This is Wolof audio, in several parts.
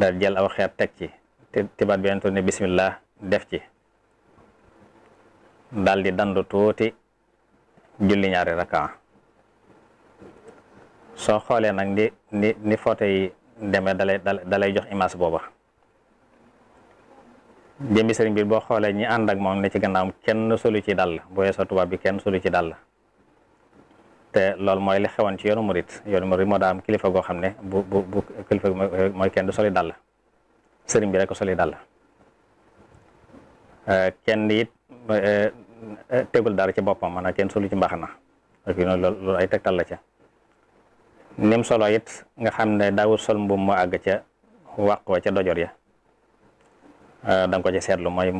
daal jël aw xeer teg ci tibaat bi yonent ne bismillah def ci daal di dandu tuuti julli ñaari raka soo xoolee nag ni ni ni photo yi demee dalay dalay jox image booba jëmbi sëriñ bi boo xoolee ñi ànd ak moom ne ci gannaawam kenn solu ci dal dàll boo yeesoo tubaab bi kenn solu ci dàll te loolu mooy li xewoon ci yoonu murit yoonu murit moo daa kilifa goo xam ne bu bu bu kilifa mooy kenn du soli dàll sëriñ bi rek ko soli dàll euh, kenn it euh, euh, tegul dara ci boppam maanaam kenn solu ci mbaax na ak loolu ay tegtal la ca nim solo it nga xam ne daawul sol mbuum mu àgg ca wàq wa ca dojor ya da nga ko ci seetlu mooy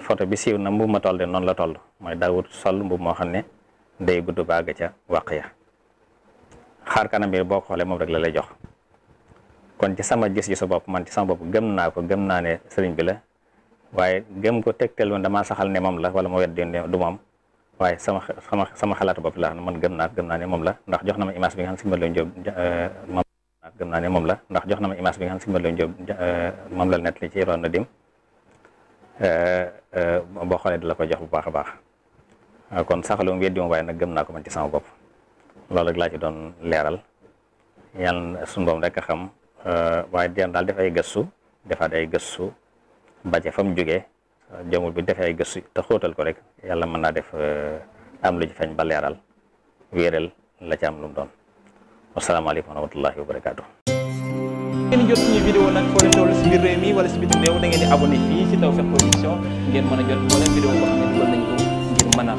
photo bi siiw na mbuum ma toll de noonu la toll mooy daawul sol mbuum moo xam ne day gudd bàgg ca wàq ya xaar kanam bi boo xoolee moom rek la lay jox kon ci sama gis-gisu bopp man ci sama bopp gëm naa ko gëm naa ne sëriñ bi la waaye gem ko tegtal damaa saxal ne moom la wala ma wedd du moom waaye sama sama sama xalaatu bopp laa man gëm naa gëm naa ne moom la ndax jox na ma image bi nga xam si ma leen jóob naa ne moom la ndax jox na ma image bi nga si ma leen jóob moom la nett li ci roon na dim boo xoolee di la ko jox bu baax a baax Ah, kon saxalu mu weddi moom waaye nag gëm naa ko man ci sama bopp loolu rek laa ci doon leeral yàlla suñu boom rek a xam ah, waaye di daal def ay gëstu defaat ay gëstu baje fa mu jógee jomul bu defee gëstu te ko rek yàlla mën naa def ah, am lu ci feeñ ba leeral wéeral ci am lu mu doon wasalaamaaleykum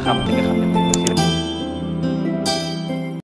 นะครับ